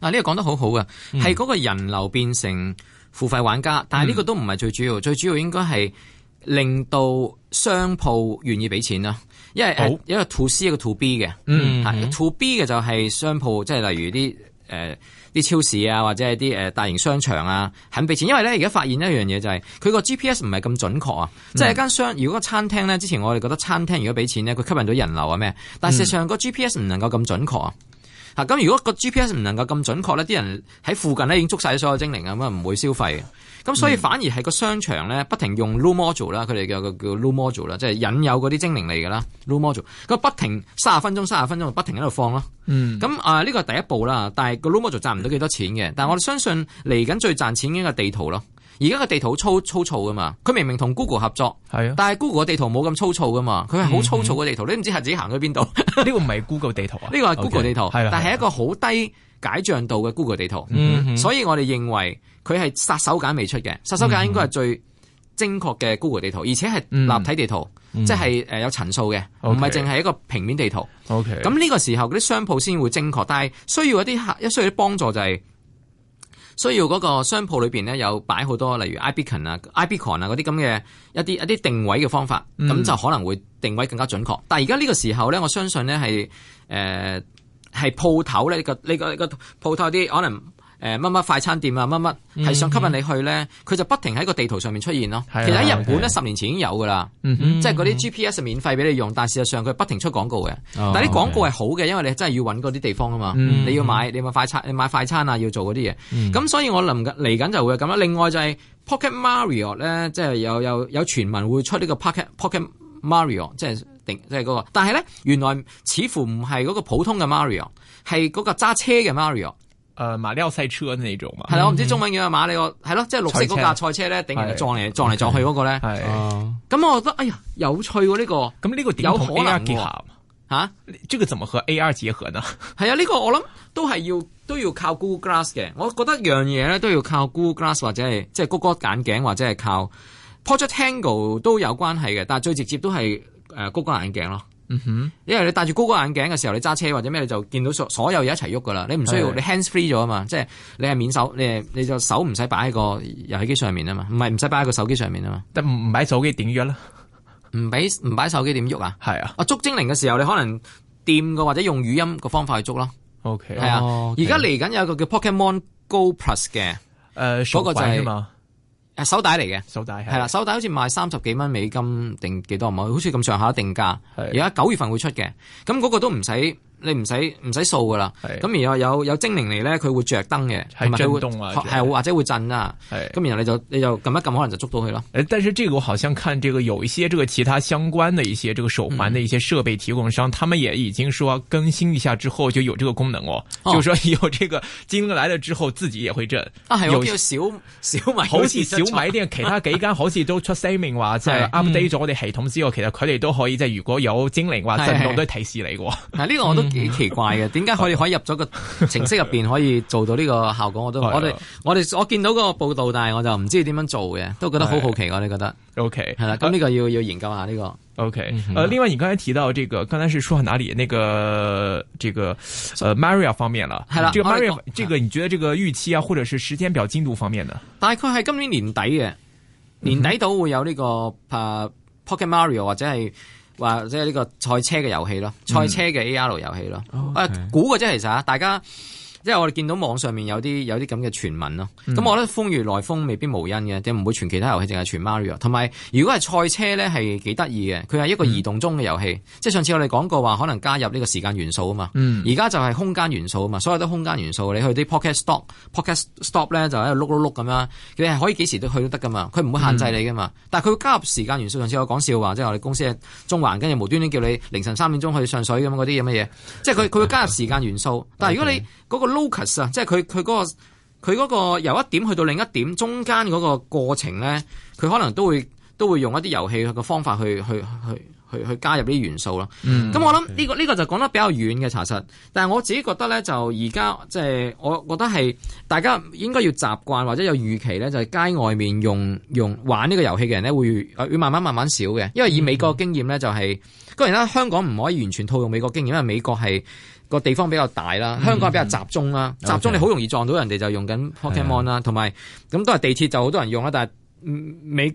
啊！呢、呢個講得好好嘅，係、嗯、嗰個人流變成付費玩家，但係呢個都唔係最主要、嗯，最主要應該係令到商鋪願意俾錢啦。因為係、啊、一個 to C 一個 to B 嘅，嗯，to B 嘅就係商鋪，即係例如啲誒啲超市啊，或者係啲誒大型商場啊，肯俾錢。因為咧，而家發現一樣嘢就係佢個 GPS 唔係咁準確啊。即、嗯、係、就係、間商，如果個餐廳咧，之前我哋覺得餐廳如果俾錢咧，佢吸引咗人流啊咩？但事實上個 GPS 唔能夠咁準確啊。咁如果個 GPS 唔能夠咁準確咧，啲人喺附近咧已經捉晒所有精靈咁啊，唔會消費嘅。咁、嗯、所以反而係個商場咧，不停用 Loo Module 啦，佢哋叫叫 Loo Module 啦，即係引誘嗰啲精靈嚟噶啦。Loo Module 佢不停卅分鐘、卅分鐘不停喺度放咯。咁、嗯、啊呢個係第一步啦，但係個 Loo Module 賺唔到幾多錢嘅。但係我哋相信嚟緊最賺錢嘅地圖咯。而家個地圖粗粗糙噶嘛，佢明明同 Google 合作，係啊，但係 Google 嘅地圖冇咁粗糙噶嘛，佢係好粗糙嘅地圖，嗯嗯你唔知自己行去邊度。呢 個唔係 Google 地圖啊，呢、呢個係 Google 地圖，okay, 但係一個好低解像度嘅 Google 地圖。所以我哋認為佢係殺手鐧未出嘅，殺、嗯、手鐧應該係最精確嘅 Google 地圖，嗯、而且係立體地圖，嗯、即係誒有層數嘅，唔係淨係一個平面地圖。咁、okay, 呢個時候嗰啲商鋪先會精確，但係需要一啲客，一需要幫助就係、是。需要嗰個商鋪裏邊咧有擺好多例如 I Beacon 啊、I Beacon 啊嗰啲咁嘅一啲一啲定位嘅方法，咁、嗯、就可能會定位更加準確。但係而家呢個時候咧，我相信咧係誒係鋪頭咧個呢個個鋪頭啲可能。誒，乜乜快餐店啊，乜乜係想吸引你去咧？佢、mm -hmm. 就不停喺個地圖上面出現咯。其實喺日本咧，十、okay. 年前已經有噶啦，即係嗰啲 GPS 免費俾你用，但事實上佢不停出廣告嘅。Oh, 但啲廣告係好嘅，okay. 因為你真係要搵嗰啲地方啊嘛，mm -hmm. 你要買，你買快餐，你買快餐啊，要做嗰啲嘢。咁、mm -hmm. 所以我諗緊嚟緊就會咁樣。另外就係 Pocket Mario 咧，即、就、係、是、有有有傳聞會出呢個 Pocket Pocket Mario，即係定即係嗰個。但係咧，原來似乎唔係嗰個普通嘅 Mario，係嗰個揸車嘅 Mario。誒，馬里奧賽車呢種嘛，係啦，我唔知中文叫阿馬里奧，係咯，即係綠色嗰架賽車咧，頂住撞嚟撞嚟撞去嗰個咧，咁我覺得，哎呀，有趣喎呢、這個，咁、這、呢個點同 AR 結合？吓、啊，呢、這個怎麼和 AR 結合呢？係啊，呢、啊這個我諗都係要都要靠 Google Glass 嘅，我覺得一樣嘢咧都要靠 Google Glass 或者係即係谷歌眼鏡或者係靠 Project Tango 都有關係嘅，但係最直接都係誒、呃、谷歌眼鏡咯。嗯哼，因為你戴住高高眼鏡嘅時候，你揸車或者咩，你就見到所所有嘢一齊喐噶啦。你唔需要你 hands free 咗啊嘛，即係你係免手，你你就手唔使擺喺個遊戲機上面啊嘛，唔係唔使擺喺個手機上面啊嘛。唔唔擺手機點喐啦？唔俾唔擺手機點喐啊？係啊，啊捉精靈嘅時候，你可能掂個或者用語音個方法去捉咯。OK，係啊。而家嚟緊有個叫 Pokemon Go Plus 嘅，誒，嗰、呃，嗰個就係。手帶嚟嘅手帶係啦，手帶好似賣三十幾蚊美金定幾多唔好，好似咁上下定價。而家九月份會出嘅，咁嗰個都唔使。你唔使唔使掃噶啦，咁然後有有精靈嚟咧，佢會着燈嘅，係會係或者會震啊，咁然後你就你就撳一撳，可能就捉到佢囉。但是呢個我好像看這個有一些這個其他相關的一些這個手環的一些設備提供商、嗯，他們也已經說更新一下之後就有這個功能喎、哦哦。就是說有這個精靈來了之後自己也會震、哦、啊。係啊，叫小小米，好似小米店其他幾間好似都出聲明話即係 update 咗我哋系統之後，其實佢哋都可以即係如果有精靈話、啊嗯、震動都提示你喎。呢、這個我都、嗯。幾奇怪嘅，點解可以可以入咗個程式入邊可以做到呢個效果？ 我都我哋我哋我見到那個報道，但係我就唔知點樣做嘅，都覺得好好奇我哋，覺得 OK 係啦。咁呢個要要研究下呢個 OK、啊。呃，另外你剛才提到這個，剛才是說在哪裏？那個這個呃 Mario 方面啦，係啦，這個、呃、Mario，、嗯這個、這個你覺得這個預期啊，或者是時間表精度方面呢？大概係今年年底嘅年底到會有呢個 Pokémon Mario 或者係。或者係呢個賽車嘅遊戲咯、嗯，賽車嘅 AR 遊戲咯、哦 okay，啊估嘅啫，其實啊大家。即係我哋見到網上面有啲有啲咁嘅傳聞咯，咁、嗯、我覺得風雨來風未必無因嘅，即係唔會傳其他遊戲，淨係傳 Mario。同埋如果係賽車咧係幾得意嘅，佢係一個移動中嘅遊戲。嗯、即係上次我哋講過話，可能加入呢個時間元素啊嘛。而、嗯、家就係空間元素啊嘛，所謂啲空間元素。你去啲 Pocket Stop、Pocket Stop 咧就喺度碌碌碌咁樣，佢係可以幾時都去都得噶嘛，佢唔會限制你噶嘛。嗯、但係佢會加入時間元素。上次我講笑話，即係我哋公司中環跟住無端端叫你凌晨三點鐘去上水咁嗰啲咁嘅嘢，即係佢佢會加入時間元素。 但係如果你、 嗰個 Locus 啊，即係佢佢嗰個佢嗰個由一點去到另一點中間嗰個過程咧，佢可能都會都會用一啲遊戲嘅方法去去去去去加入啲元素咯。咁、嗯、我諗呢個呢個就講得比較遠嘅查實，但係我自己覺得咧就而家即係我覺得係大家應該要習慣或者有預期咧，就係街外面用用玩呢個遊戲嘅人咧會慢慢慢慢少嘅，因為以美國嘅經驗咧就係當然啦，香港唔可以完全套用美國經驗，因為美國係。個地方比較大啦，香港比較集中啦，mm -hmm. 集中你好容易撞到人哋，okay. 就用緊 Pokemon 啦，同埋咁都係地鐵就好多人用啦，但係美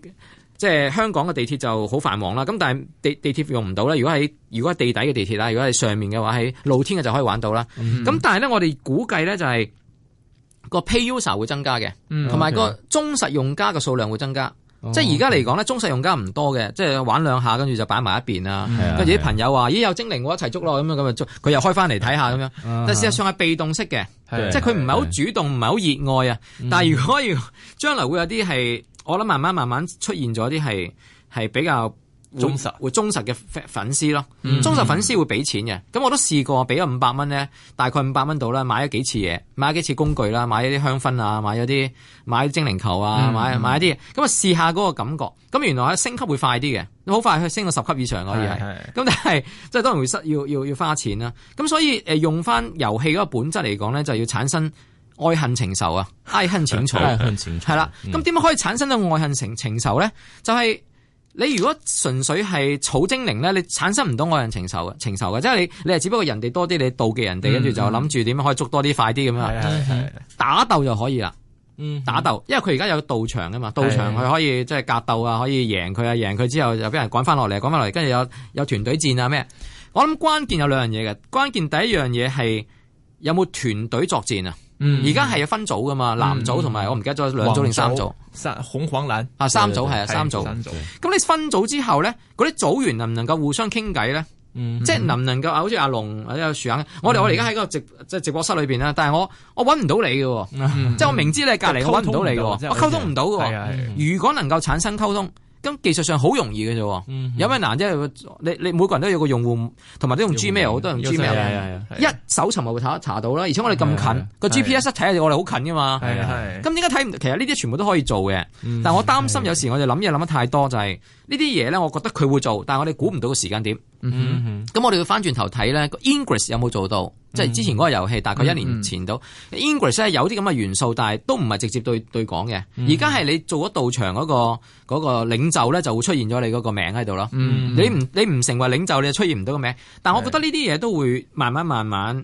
即係、就是、香港嘅地鐵就好繁忙啦，咁但係地地鐵用唔到啦。如果喺如果係地底嘅地鐵啦，如果喺上面嘅話喺露天嘅就可以玩到啦。咁、mm -hmm. 但係咧，我哋估計咧就係個 pay user 會增加嘅，同埋、mm-hmm. 個忠實用家嘅數量會增加。哦、即係而家嚟講咧，忠實用家唔多嘅，即係玩兩下跟住就擺埋一邊啦。跟住啲朋友話：啊、咦，有精靈，我一齊捉咯，咁樣咁啊捉！佢又開翻嚟睇下咁樣。但事實上係被動式嘅，啊、即係佢唔係好主動，唔係好熱愛啊。但係如果要將來會有啲係，我諗慢慢慢慢出現咗啲係係比較。忠實會忠實嘅粉絲咯、嗯，忠實粉絲會俾錢嘅。咁我都試過俾咗五百蚊咧，大概五百蚊到啦，買咗幾次嘢，買咗幾次工具啦，買咗啲香薰啊，買咗啲買精靈球啊，嗯、買買一啲嘢。咁、嗯、啊試下嗰個感覺。咁原來升級會快啲嘅，好快去升到十級以上以係。咁但係即係當然會失，要要要花錢啦。咁所以誒用翻遊戲嗰個本質嚟講咧，就要產生愛恨情仇啊， 愛恨情仇，愛恨情仇。係、嗯、啦，咁點樣可以產生到愛恨情情仇咧？就係、是。你如果純粹係草精靈咧，你產生唔到愛人情仇嘅情仇嘅，即係你你係只不過人哋多啲，你妒忌人哋，跟、嗯、住就諗住點樣可以捉多啲快啲咁樣，係係係打鬥就可以啦。嗯，打鬥，因為佢而家有道場㗎嘛，道場佢可以即係格鬥啊，可以贏佢啊，贏佢之後就俾人趕翻落嚟，趕翻落嚟，跟住有有團隊戰啊咩？我諗關鍵有兩樣嘢嘅關鍵，第一樣嘢係有冇團隊作戰啊。嗯，而家係有分組噶嘛，藍組同埋、嗯、我唔記得咗兩組定三組，紅、黃、藍啊，三組係啊，三組。咁你分組之後咧，嗰啲組員能唔能夠互相傾偈咧？嗯，即係能唔能夠啊？好似阿龍啊，阿、嗯、樹，我哋我哋而家喺個直即係直播室裏邊啦，但係我我搵唔到你嘅，即、嗯、係我明知你隔籬我搵唔到你嘅、嗯嗯嗯，我溝通唔到嘅。如果能夠產生溝通。咁技術上好容易嘅啫、嗯，有咩難啫？你你每個人都有個用戶，同埋都用 Gmail，用個個我都用 Gmail，用手用手用手一搜尋咪查查到啦。而且我哋咁近個 GPS 睇下，我哋好近噶嘛。咁點解睇唔？其實呢啲全部都可以做嘅，但我擔心有時我哋諗嘢諗得太多，就係呢啲嘢咧，我覺得佢會做，但我哋估唔到個時間點。咁、嗯嗯、我哋要翻轉頭睇咧，Ingress 有冇做到？即、之前嗰個遊戲，大概一年前到。English 呢，有啲咁嘅元素，但係都唔係直接對對講嘅。而家係你做咗道場嗰個嗰個領袖咧，就會出現咗你嗰個名喺度咯。你唔你唔成為領袖，你就出現唔到個名。但係我覺得呢啲嘢都會慢慢慢慢。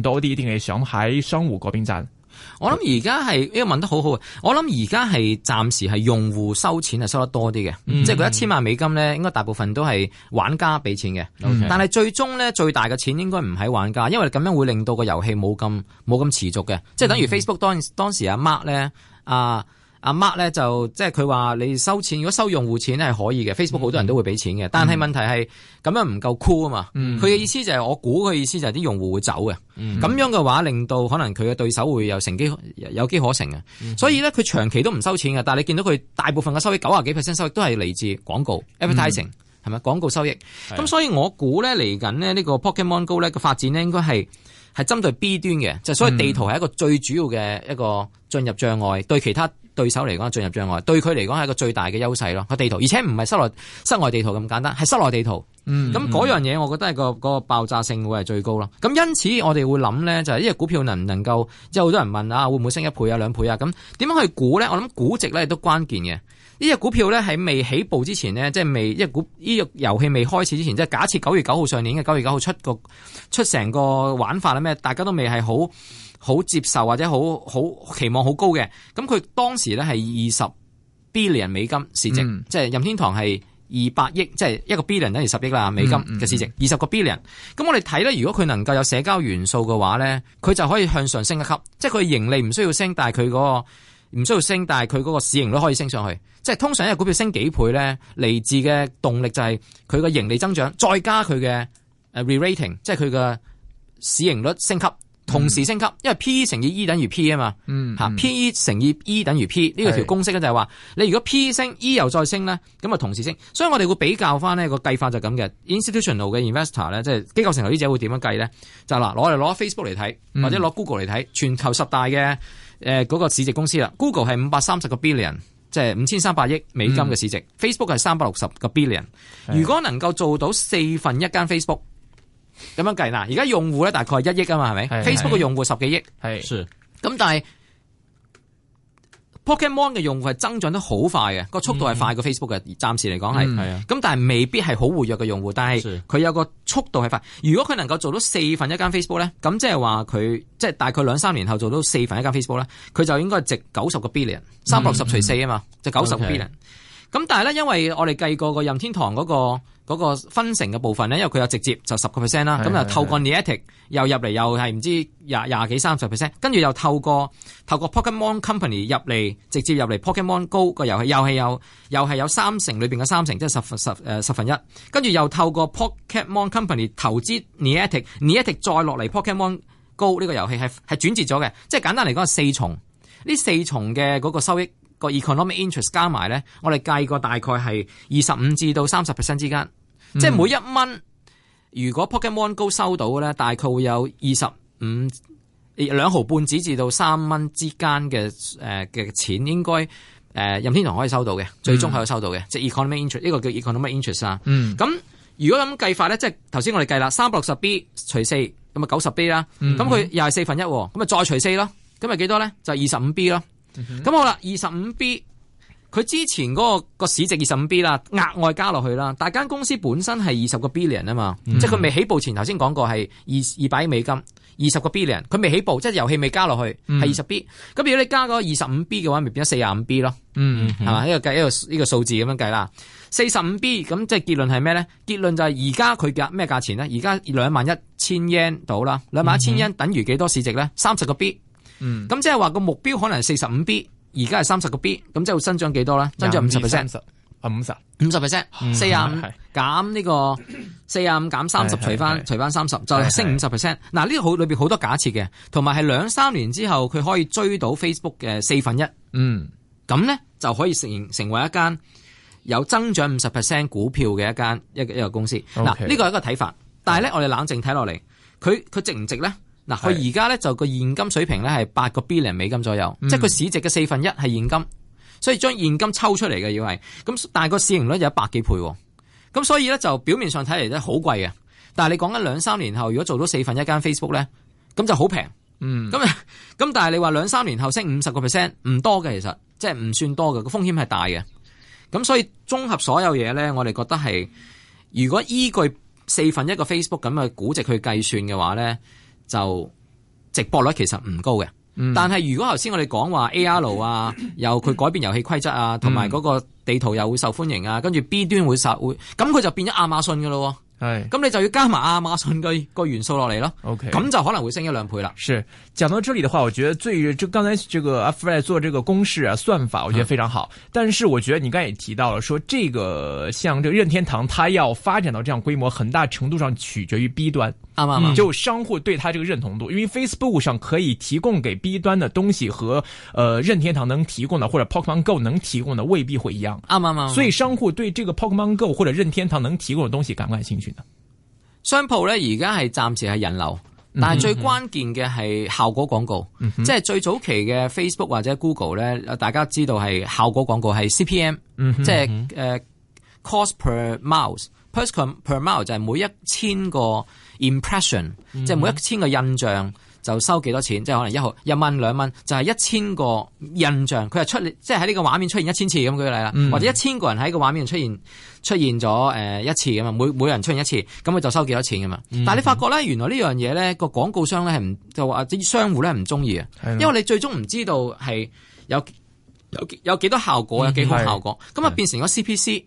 多啲定係想喺商戶嗰邊賺？我諗而家係，因為問得好好，我諗而家係暫時係用戶收錢係收得多啲嘅、嗯，即係佢一千萬美金咧，應該大部分都係玩家俾錢嘅、嗯。但係最終咧，最大嘅錢應該唔係玩家，因為咁樣會令到個遊戲冇咁冇咁持續嘅、嗯，即係等於 Facebook 當時當時阿、啊、Mark 咧啊。阿 Mark 咧就即係佢話：你收錢，如果收用戶錢咧係可以嘅、mm -hmm.，Facebook 好多人都會俾錢嘅。但係問題係咁、mm -hmm. 樣唔夠 cool 啊嘛。佢、mm、嘅 -hmm. 意思就係、是、我估佢意思就係啲用戶會走嘅。咁、mm -hmm. 樣嘅話，令到可能佢嘅對手會有乘機有機可乘嘅。Mm -hmm. 所以咧，佢長期都唔收錢嘅。但係你見到佢大部分嘅收益九十幾 percent 收益都係嚟自廣告、mm -hmm. advertising 係咪？廣告收益。咁、mm -hmm. 所以我估咧嚟緊咧，呢個 Pokemon Go 咧嘅發展咧，應該係係針對 B 端嘅，就所以地圖係一個最主要嘅一個進入障礙、mm -hmm. 對其他。對手嚟講進入障礙，對佢嚟講係一個最大嘅優勢咯，個地圖，而且唔係室內室外地圖咁簡單，係室內地圖。咁、嗯、嗰、嗯嗯、樣嘢，我覺得係個個爆炸性會係最高咯。咁因此，我哋會諗呢，就係呢隻股票能唔能夠，即係好多人問啊，會唔會升一倍啊、兩倍啊？咁點樣去估呢？我諗估值呢亦都關鍵嘅。呢、這、隻、個、股票呢喺未起步之前呢，即係未，一股呢隻遊戲未開始之前，即係假設九月九號上年嘅九月九號出個出成個玩法啦，咩大家都未係好。好接受或者好好期望好高嘅，咁佢當時咧係二十 billion 美金市值，即、嗯、係、就是、任天堂係二百億，即、就、係、是、一個 billion 等於十億啦美金嘅市值，二、嗯、十、嗯、個 billion。咁我哋睇咧，如果佢能夠有社交元素嘅話咧，佢就可以向上升一級，即係佢盈利唔需要升，但係佢嗰個唔需要升，但係佢嗰個市盈率可以升上去。即係通常一個股票升幾倍咧，嚟自嘅動力就係佢嘅盈利增長，再加佢嘅誒 re-rating，即係佢嘅市盈率升級。同時升級，嗯、因為 P 乘以 E 等於 P 啊嘛。嗯。嚇、嗯、P 乘以 E 等於 P 呢個條公式咧就係話，你如果 P 升，E 又再升咧，咁啊同時升。所以我哋會比較翻呢、那個計法就係咁嘅。institutional 嘅 investor 咧，即係機構投資者會點樣計咧？就嗱、是，攞嚟攞 Facebook 嚟睇，或者攞 Google 嚟睇，全球十大嘅誒嗰個市值公司啦。Google 係五百三十個 billion，即係五千三百億美金嘅市值。嗯、Facebook 係三百六十個 billion。如果能夠做到四份一間 Facebook。咁樣計嗱，而家用戶咧大概係一億啊嘛，係咪？Facebook 嘅用戶十幾億，係。咁但係 Pokemon 嘅用戶係增長得好快嘅，速快嗯、個速度係快過 Facebook 嘅，暫時嚟講係，咁但係未必係好活躍嘅用戶，但係佢有個速度係快。如果佢能夠做到四分一間 Facebook 咧，咁即係話佢即係大概兩三年後做到四分一間 Facebook 咧，佢就應該值九十個 billion，三百六十除四啊嘛，就九十個 billion。咁、嗯、但係咧，因為我哋計過個任天堂嗰、那個。嗰、那個分成嘅部分咧，因為佢有直接就十個 percent 啦，咁又，又，又透過 n i a t i c 又入嚟，又係唔知廿廿幾三十 percent，跟住又透過透過 Pokémon Company 入嚟，直接入嚟 Pokémon 高個遊戲，又係有，又係有三成裏面嘅三成，即係十分十、呃、十分一，跟住又透過 Pokémon Company 投資 n i a t i c n i a t i c 再落嚟 Pokémon 高呢個遊戲係係轉接咗嘅，即係簡單嚟講係四重，呢四重嘅嗰個收益。個 economic interest 加埋咧，我哋計過大概係二十五至到三十 percent 之間，嗯、即係每一蚊如果 Pokemon Go 收到嘅咧，大概會有二十五兩毫半紙至到三蚊之間嘅嘅、呃、錢，應該、呃、任天堂可以收到嘅、嗯，最終可以收到嘅，即係 economic interest 呢個叫 economic interest 啊、嗯。咁如果咁計法咧，即係頭先我哋計啦，三百六十 B 除四咁啊九十 B 啦，咁佢又係四分一，咁啊再除四咯，咁咪幾多咧？就二十五 B 咯。咁好啦，二十五 B，佢之前嗰個個市值二十五 B 啦，額外加落去啦。大間公司本身係二十個 billion 啊嘛，即係佢未起步前，頭先講過係二二百億美金，二十個 billion，佢未起步，即係遊戲未加落去，係二十 B。咁如果你加個二十五 B 嘅話，咪變咗四十五 B 咯。嗯，係、嗯、嘛？這個這個、數 45B，呢個計呢個呢個數字咁樣計啦。四十五 B，咁即係結論係咩咧？結論就係而家佢價咩價錢咧？而家兩萬一千 yen 到啦，兩萬一千 yen 等於幾多市值咧？三十個 B。嗯，咁即係話個目標可能係四十五 B，而家係三十個 B，咁即係會增長幾多咧？增長五十 percent，五十五十 percent，四廿五減呢個四廿五減三十，除翻除翻三十，就係升五十 percent。嗱，呢個好裏邊好多假設嘅，同埋係兩三年之後佢可以追到 Facebook 嘅四分一。嗯，咁咧就可以成成為一間有增長五十 percent 股票嘅一間一一個公司。嗱，呢個係一個睇法，但係咧我哋冷靜睇落嚟，佢佢值唔值咧？嗱，佢而家咧就個現金水平咧係八個 B 零美金左右，嗯、即係佢市值嘅四分一係現金，所以將現金抽出嚟嘅要係咁，但係個市盈率有一百幾倍，咁所以咧就表面上睇嚟咧好貴嘅。但係你講緊兩三年後，如果做到四分一間 Facebook 咧，咁就好平，嗯，咁咁但係你話兩三年後升五十個 percent 唔多嘅，其實即係唔算多嘅，個風險係大嘅。咁所以綜合所有嘢咧，我哋覺得係如果依據四分一個 Facebook 咁嘅估值去計算嘅話咧。就直播率其實唔高嘅、嗯，但係如果頭先我哋講話 AR 啊，又佢改變遊戲規則啊，同埋嗰個地圖又會受歡迎啊，嗯、跟住 B 端會受會，咁佢就變咗亞馬遜嘅咯、哦，係、哎，咁你就要加埋亞馬遜嘅個元素落嚟咯，OK，咁就可能會升一兩倍啦。是，講到這裡的話，我覺得最就剛才這個阿 Fred 做這個公式啊算法，我覺得非常好。但是我覺得你剛才也提到了，說這個像這個任天堂，它要發展到這樣規模，很大程度上取決於 B 端。啱、嗯、啊就商戶對他這個認同度，因為 Facebook 上可以提供給 B 端的東西和，呃，任天堂能提供的或者 Pokemon Go 能提供的未必會一樣。啱、嗯、啊、嗯、所以商戶對這個 Pokemon Go 或者任天堂能提供嘅東西感唔感興趣呢？商鋪呢而家係暫時係人流，但係最關鍵嘅係效果廣告，嗯、即係最早期嘅 Facebook 或者 Google 呢，大家知道係效果廣告係 CPM、嗯、即係誒、嗯 uh, cost per mouse per per mile 就係每一千個。Impression 即係每一千個印象就收幾多錢？Mm -hmm. 即係可能一毫一蚊兩蚊，就係、是、一千個印象，佢係出即係喺呢個畫面出現一千次咁舉例啦，mm -hmm. 或者一千個人喺個畫面出現出現咗誒、呃、一次噶嘛，每每人出現一次，咁佢就收幾多錢噶嘛。Mm -hmm. 但係你發覺咧，原來這件事呢樣嘢咧，個廣告商咧係唔就話啲商戶咧唔中意啊，mm -hmm. 因為你最終唔知道係有有有幾多效果，有幾好效果，咁、mm、啊 -hmm. 變成咗 CPC，CPC、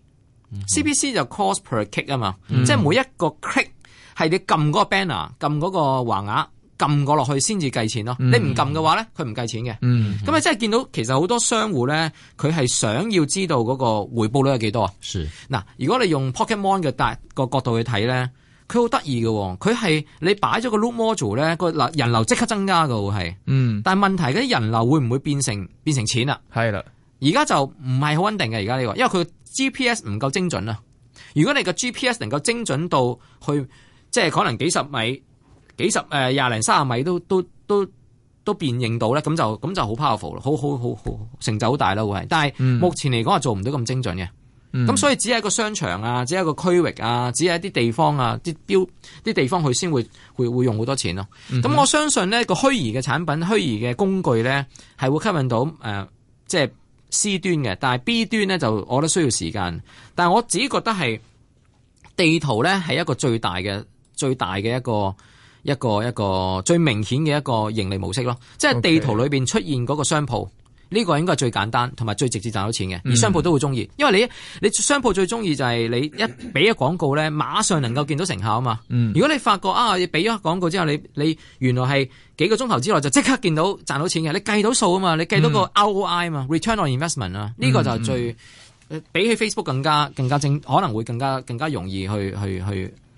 mm -hmm. 就是 cost per click 啊嘛，即係每一個 click。係你撳嗰個 banner，撳嗰個橫額，撳過落去先至計錢咯。你唔撳嘅話咧，佢唔計錢嘅。咁、嗯嗯、你真係見到其實好多商戶咧，佢係想要知道嗰個回報率有幾多啊？嗱、啊，如果你用 Pokemon 嘅個角度去睇咧，佢好得意嘅。佢係你擺咗個 Loop Module 咧，個人流即刻增加噶，係嗯。但係問題嗰啲人流會唔會變成變成錢啊？係啦，而家就唔係好穩定嘅。而家呢個，因為佢 G P S 唔夠精準啊。如果你個 G P S 能夠精準到去。即係可能幾十米、幾十誒廿零卅米都都都都辨認到咧，咁就咁就好 powerful 咯，好好好好成就好大啦，會。但係目前嚟講係做唔到咁精準嘅，咁、嗯、所以只係一個商場啊，只係一個區域啊，只係一啲地方啊，啲標啲地方佢先會會會用好多錢咯、啊。咁我相信呢個虛擬嘅產品、虛擬嘅工具咧係會吸引到誒即係 C 端嘅，但係 B 端咧就我覺得需要時間。但係我自己覺得係地圖咧係一個最大嘅。最大嘅一個一個一個，一個最明顯嘅一個盈利模式咯，即係地圖裏面出現嗰個商鋪，呢個應該係最簡單同埋最直接賺到錢嘅、嗯，而商鋪都會中意，因為你你商鋪最中意就係你一俾咗廣告咧，馬上能夠見到成效啊嘛、嗯。如果你發覺啊，你俾咗廣告之後，你你原來係幾個鐘頭之內就即刻見到賺到錢嘅，你計到數啊嘛，你計、嗯、你計到個 ROI 嘛，return on investment 啊，呢、嗯呢個就係最比起 Facebook 更加更加正，可能會更加更加容易去去去。去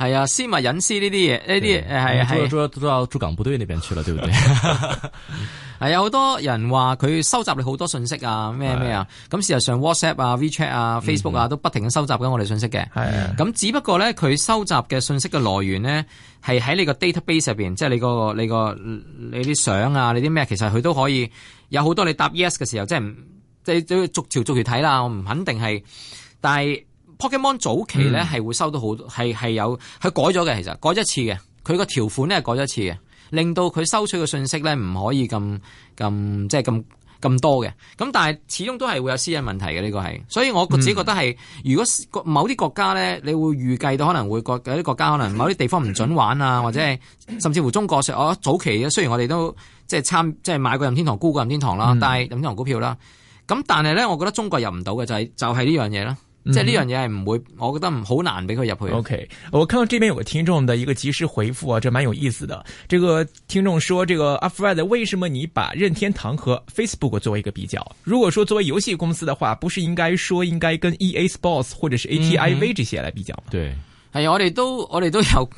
係啊，私密隱私呢啲嘢，呢啲誒係係，都都都到駐港部隊那邊去了，對唔對？係、 啊、有好多人話佢收集你好多信息啊，咩咩啊，咁、啊、事實上 WhatsApp 啊、WeChat 啊，啊，啊、Facebook 啊，都不停咁收集緊我哋信息嘅。咁、啊、只不過咧，佢收集嘅信息嘅來源呢，係喺你個 database 入邊，即係你個你個你啲相啊，你啲咩，其實佢都可以有好多你答 yes 嘅時候，即係即係逐條逐條睇啦，我唔肯定係，但係。Pokemon 早期咧，係、嗯、會收到好多係有佢改咗嘅，其實改一次嘅，佢個條款咧改一次嘅，令到佢收取嘅信息咧唔可以咁咁即係咁咁多嘅。咁但係始終都係會有私隱問題嘅呢，、這個係，所以我自己覺得係，如果某啲國家咧，你會預計到可能會國有啲國家可能某啲地方唔准玩啊，或者係甚至乎中國我、哦、早期嘅，雖然我哋都即係參即係買過任天堂、沽過任天堂啦、嗯，但係任天堂股票啦，咁但係咧，我覺得中國入唔到嘅就係、是、就係、是、呢樣嘢啦。即係呢樣嘢係唔會、嗯，我覺得唔好難俾佢入去。OK，我看到這邊有個聽眾的一個即時回復啊，這蠻有意思的。這個聽眾說，這個 Fred，為什麼你把任天堂和 Facebook 作為一個比較？如果說作為遊戲公司的話，不是應該說應該跟 EA Sports 或者是 ATIV 這些來比較嗎？嗯、對。係啊，我哋都我哋都有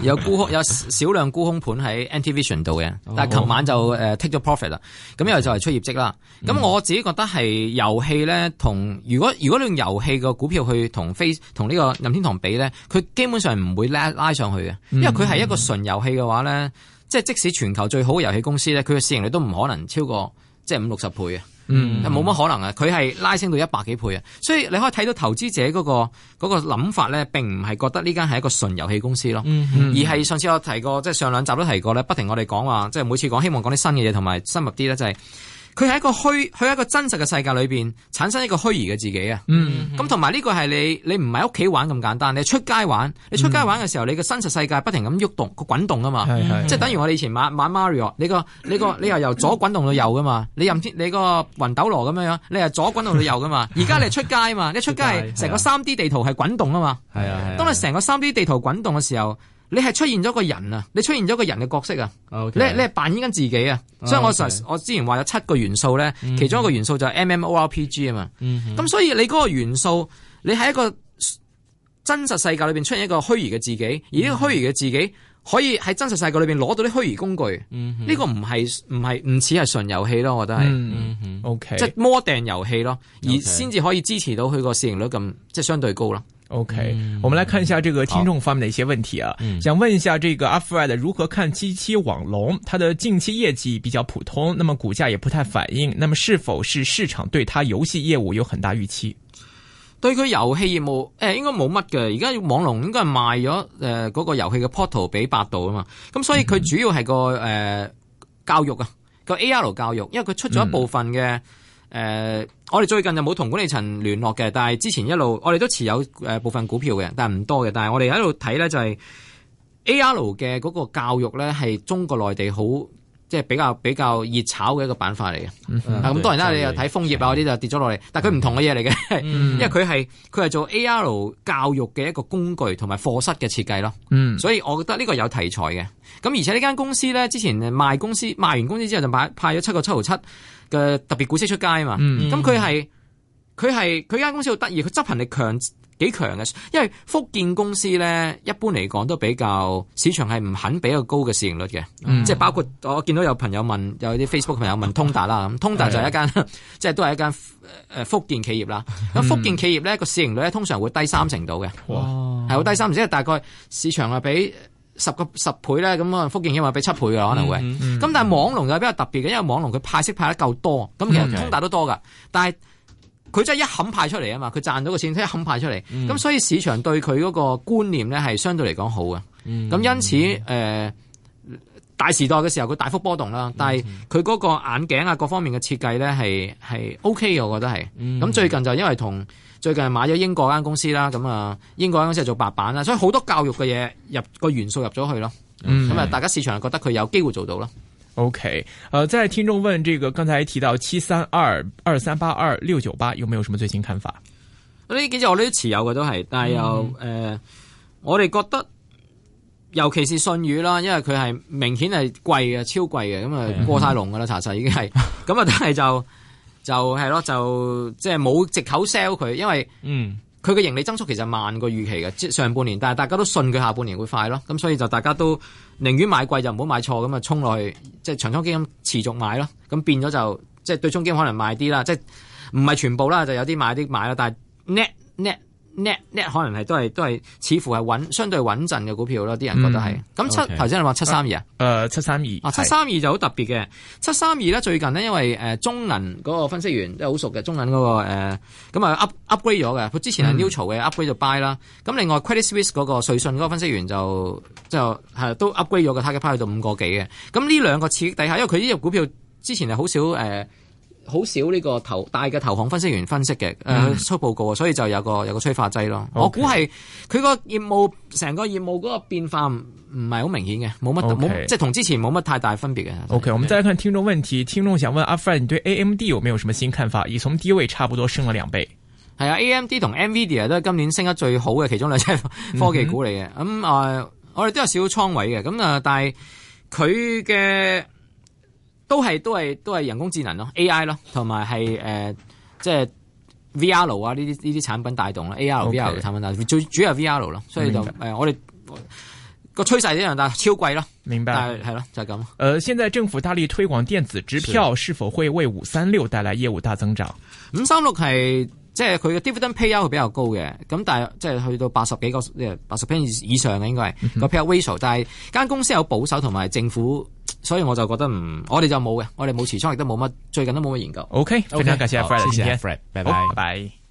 有沽空有少量沽空盤喺 Activision 度嘅，但係琴晚就誒 take 咗 profit 啦。咁因為就係出業績啦。咁我自己覺得係遊戲咧，同如果如果你用遊戲嘅股票去同 Face 同呢個任天堂比咧，佢基本上唔會拉拉上去嘅，因為佢係一個純遊戲嘅話咧，即係即使全球最好嘅遊戲公司咧，佢嘅市盈率都唔可能超過即係五六十倍啊。嗯，冇乜可能啊！佢係拉升到一百幾倍啊，所以你可以睇到投資者嗰個嗰個諗法咧，並唔係覺得呢間係一個純遊戲公司咯，嗯嗯，而係上次我提過，即係上兩集都提過咧，不停我哋講話，即係每次講希望講啲新嘅嘢，同埋深入啲咧就係。佢係一個虛，去一個真實嘅世界裏邊產生一個虛擬嘅自己啊！咁同埋呢個係你，你唔係屋企玩咁簡單，你出街玩。你出街玩嘅時候，嗯、你個真實世界不停咁喐動，動，個滾動啊嘛，嗯、即係等於我哋以前玩玩 Mario，你個你個你又由左滾動到右噶嘛，你任天你個魂斗羅咁樣樣，你又左滾動到右噶嘛。而 家你出街啊嘛，你出街係成個三 D 地圖係滾動啊嘛。係、嗯、啊，當你成個三 D 地圖滾動嘅時候。你係出現咗個人啊，你出現咗個人嘅角色啊、okay.，你你係扮演緊自己啊，所以我、okay. 我之前話有七個元素咧，mm -hmm. 其中一個元素就係 M M O R P G 啊嘛，咁、mm -hmm. 所以你嗰個元素，你喺一個真實世界裏邊出現一個虛擬嘅自己，mm -hmm. 而呢個虛擬嘅自己可以喺真實世界裏邊攞到啲虛擬工具，呢、mm -hmm. 個唔係唔係唔似係純遊戲咯，我覺得係，mm -hmm. okay. 即係模型遊戲咯，而先至可以支持到佢個市盈率咁即係相對高咯。OK，、嗯、我們來看一下這個聽眾方面的一些問題啊，嗯、想問一下這個阿 Fred 如何看近期網龍，它的近期業績比較普通，那麼股價也不太反應，那麼是否是市場對它遊戲業務有很大預期？對佢遊戲業務、呃、應該冇乜嘅。而家網龍應該賣咗嗰、呃那個遊戲嘅 portal 俾百度啊嘛，咁所以佢主要係個誒、嗯呃、教育啊個 AR 教育，因為佢出咗一部分嘅誒。嗯呃我哋最近就冇同管理層聯絡嘅，但係之前一路我哋都持有誒部分股票嘅，但係唔多嘅。但係我哋喺度睇咧，就係 AR 嘅嗰個教育咧，係中國內地好即係比較比較熱炒嘅一個板塊嚟嘅。咁、mm -hmm. 嗯、當然啦，你又睇楓葉啊嗰啲就跌咗落嚟，但係佢唔同嘅嘢嚟嘅，mm -hmm. 因為佢係佢係做 AR 教育嘅一個工具同埋課室嘅設計咯。嗯、mm -hmm.，所以我覺得呢個有題材嘅。咁而且呢間公司咧，之前賣公司賣完公司之後就派派咗七個七號七嘅特別股息出街啊嘛，咁佢係佢係佢間公司好得意，佢執行力強幾強嘅，因為福建公司咧一般嚟講都比較市場係唔肯比較高嘅市盈率嘅、嗯，即係包括我見到有朋友問，有啲 Facebook 朋友問通達啦，咁通達就係一間、嗯、即係都係一間誒福建企業啦，咁福建企業咧個市盈率咧通常會低三成度嘅，係、嗯、好低三，即係大概市場係比。十個十倍咧，咁可能福建起碼俾七倍嘅可能會，咁、嗯嗯、但係網龍就比較特別嘅，因為網龍佢派息派得夠多，咁、嗯、其實通達都多噶、嗯，但係佢真係一冚派出嚟啊嘛，佢賺到個錢一冚派出嚟，咁、嗯、所以市場對佢嗰個觀念咧係相對嚟講好嘅，咁、嗯、因此誒、嗯呃、大時代嘅時候佢大幅波動啦，但係佢嗰個眼鏡啊各方面嘅設計咧係係 OK 嘅，我覺得係，咁、嗯嗯、最近就因為同。最近係買咗英國間公司啦，咁啊英國間公司係做白板啦，所以好多教育嘅嘢入個元素入咗去咯。咁啊，大家市場係覺得佢有機會做到啦。OK，即、呃、在聽眾問呢、這個，剛才提到七三二二三八二六九八，有冇有什麼最新看法？呢幾隻我呢啲持有嘅都係，但係又誒，我哋覺得尤其是信譽啦，因為佢係明顯係貴嘅，超貴嘅，咁啊過曬龍噶啦，查、mm -hmm. 實已經係咁啊，但係就。 就係咯，就即係冇藉口 sell 佢，因為嗯佢嘅盈利增速其實慢過預期嘅，即係上半年，但係大家都信佢下半年會快咯，咁所以就大家都寧願買貴就唔好買錯咁啊，就衝落去即係長倉基金持續買咯，咁變咗就即係對沖基金可能賣啲啦，即係唔係全部啦，就有啲買啲買啦，但係 net net。嗯嗯 Net, Net 可能係都係都係，似乎係穩相對穩陣嘅股票咯，啲人覺得係。咁七頭先你話七三二啊？誒七三二啊，七三二就好特別嘅。七三二咧最近呢，因為、呃、中銀嗰個分析員都好熟嘅，中銀嗰、那個咁啊、呃、up upgrade 咗嘅。佢之前係 neutral 嘅、嗯、upgrade 咗 buy 啦。咁另外 Credit Suisse 嗰個瑞信嗰個分析員就就都 upgrade 咗嘅，target price 到五個幾嘅。咁呢兩個刺激底下，因為佢呢隻股票之前係好少誒。呃好少呢個投大嘅投行分析員分析嘅，誒、呃、出報告，所以就有個有個催化劑咯。Okay. 我估係佢個業務成個業務嗰個變化唔係好明顯嘅，冇乜、okay.，即係同之前冇乜太大分別嘅、okay.。OK，我們再來看聽眾問題，聽眾想問阿 Fred 你對 AMD 有沒有什麼新看法？已從低位差不多升了兩倍。係啊，AMD 同 NVIDIA 都係今年升得最好嘅其中兩隻科技股嚟嘅。咁、嗯、啊、嗯呃，我哋都有少少倉位嘅。咁啊，但係佢嘅。都係都係都係人工智能咯，AI 咯，同埋係誒，即、呃、係、就是、VR 咯啊！呢啲呢啲產品帶動啦，AR、VR 嘅產品帶動，最主要係 VR 咯。所以就誒，我哋個趨勢一樣，但係超貴咯。明白係咯、呃，就係、是、咁。誒、呃，現在政府大力推廣電子支票，是否會為五三六帶來業務大增長？五三六係即係佢嘅 dividend payout 係比較高嘅，咁但係即係去到八十幾個誒，八十 percent 以上嘅應該係個 payout ratio，但係間公司有保守同埋政府。所以我就覺得唔，我哋就冇嘅，我哋冇持倉亦都冇乜，最近都冇乜研究。O K，多謝介紹，Fred，bye bye、okay。